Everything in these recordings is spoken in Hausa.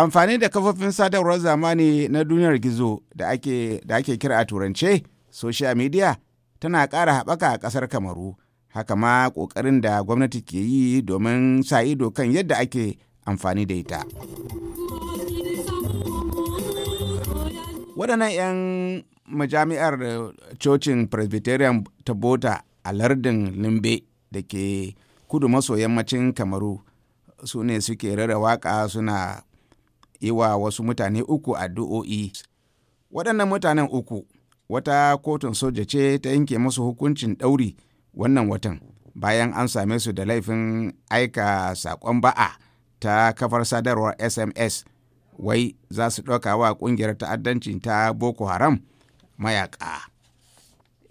amfani da kafofin sadarwar zamani na duniyar gizo da ake, da ake kira a turance social media tana ƙara haɓaka a ƙasar kamaru haka ma ƙoƙarin da gwamnati ke yi domin sa ido kan yadda ake amfani da ita waɗannan 'yan majami'ar cocin presbyterian ta bota a lardin limbe da ke kudu maso yammacin kamaru su ne suke rarra waƙa suna yi wa wasu mutane uku addu'o'i waɗannan mutanen uku wata kotun soja ce ta yanke musu hukuncin ɗauri wannan watan bayan an same su da laifin aika saƙon ba'a ta kafar sadarwar sms wai za su ɗauka wa ƙungiyar ta'addanci ta boko haram mayaƙa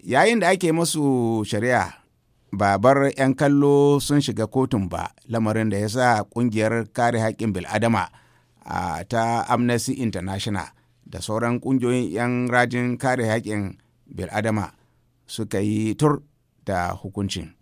yayin da ake musu shari'a babar 'yan kallo sun shiga kotun ba lamarin da ya sa ƙungiyar kare haƙƙin bil'adama ta amnesty international da sauran kungiyoyin 'yan rajin kare haƙƙin bil'adama suka yi tur da hukuncin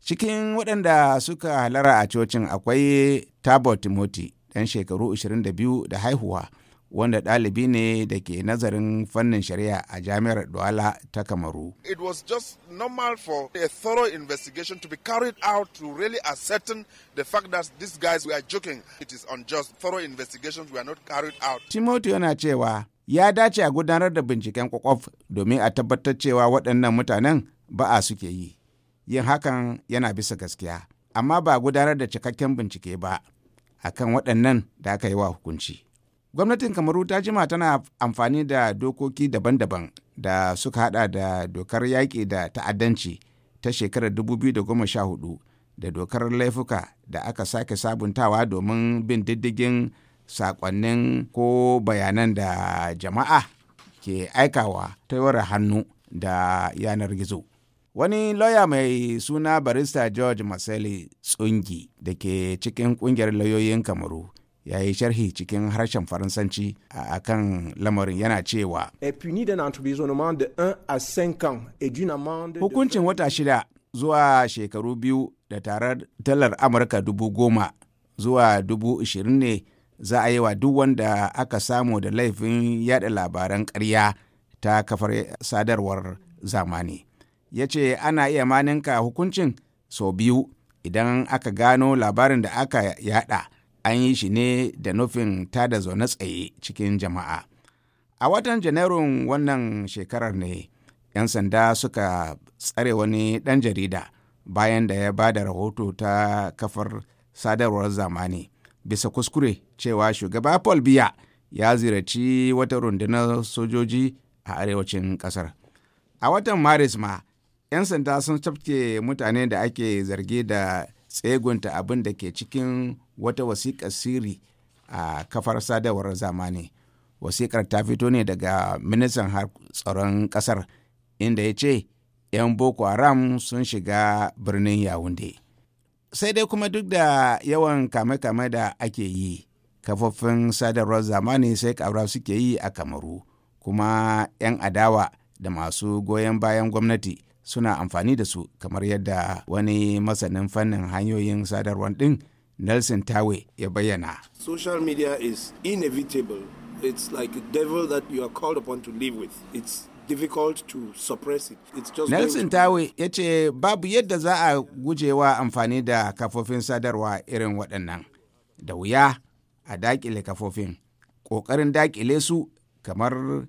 cikin waɗanda suka halara a cocin akwai tabor moti ɗan shekaru 22 da haihuwa wanda ɗalibi ne da ke nazarin fannin shari'a a jami'ar Douala ta Kamaru. It was just normal for a thorough investigation to be carried out to really ascertain the fact that these guys were joking. It is unjust. Thorough investigations were not carried out. Timothy yana cewa ya dace a gudanar da binciken kwakwaf domin a tabbatar cewa waɗannan mutanen ba a suke yi. Yin hakan yana bisa gaskiya, amma ba gudanar da cikakken bincike ba akan waɗannan da aka yi wa hukunci. gwamnatin kamaru ta jima tana amfani da dokoki daban-daban da suka hada da dokar yaƙi da ta'addanci ta shekarar 2014 da dokar laifuka da aka sake sabuntawa domin bin diddigin sakonnin ko bayanan da jama'a ke aikawa ta yawar hannu da yanar gizo. Wani lauya mai suna barista George Maseli Tsungi da ke cikin kungiyar lauyoyin Kamaru ya yi sharhi cikin harshen faransanci a kan lamarin yana cewa hukuncin wata shida zuwa shekaru biyu da tarar dalar amurka dubu goma zuwa dubu ishirin ne za a yi wa duk wanda aka samu da laifin yada labaran karya ta kafar sadarwar zamani ya ce ana iya maninka hukuncin sau biyu idan aka gano labarin da aka yada an yi shi ne da nufin tada zaune tsaye cikin jama'a a watan janairun wannan shekarar ne 'yan sanda suka tsare wani ɗan jarida bayan da ya ba da rahoto ta kafar sadarwar zamani bisa kuskure cewa shugaba paul biya ya ziyarci wata rundunar sojoji a arewacin ƙasar a watan maris ma 'yan sanda sun tafke mutane da ake zargi da tsegunta abin da ke cikin wata wasiƙar sirri a kafar sadarwar zamani wasiƙar ta fito ne daga ministan tsaron ƙasar inda ya ce 'yan boko haram sun shiga birnin yawunde sai dai kuma duk da yawan kame-kame da ake yi kafofin sadarwar zamani sai ƙaura suke yi a kamaru kuma 'yan adawa da masu goyon bayan gwamnati suna amfani da su kamar yadda wani masanin fannin hanyoyin sadarwar ɗin Nelson Tawe ya bayyana. Social media is inevitable. It's like a devil that you are called upon to live with. It's difficult to suppress it. It's just Nelson Tawe ya ce babu yadda za a gujewa amfani da kafofin sadarwa irin waɗannan. Da wuya a daƙile kafofin, ƙoƙarin daƙile su kamar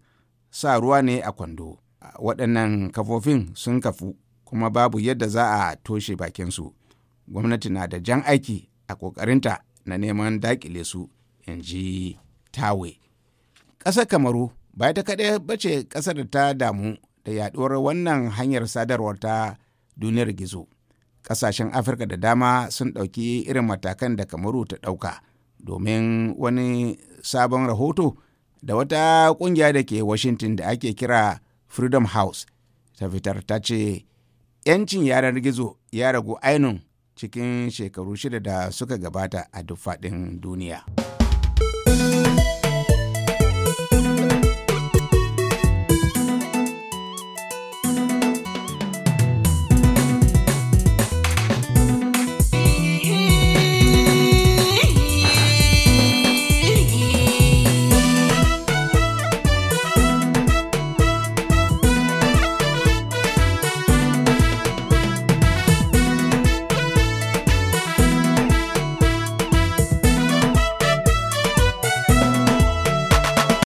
sa ruwa ne a kwando. Waɗannan kafofin sun kafu kuma babu yadda za a toshe bakinsu. Gwamnati na da jan aiki a ƙoƙarinta na neman daƙile su in ji tawe ƙasar kamaru ba ta kaɗai bace ƙasar da ta damu da yaɗuwar wannan hanyar sadarwar ta duniyar gizo ƙasashen afirka da dama sun ɗauki irin matakan da kamaru ta ɗauka domin wani sabon rahoto da wata ƙungiya da ke washington da ake kira freedom house ta fitar ta ce 'yancin yanar gizo ya ragu ainun cikin shekaru shida da suka gabata a duk faɗin duniya.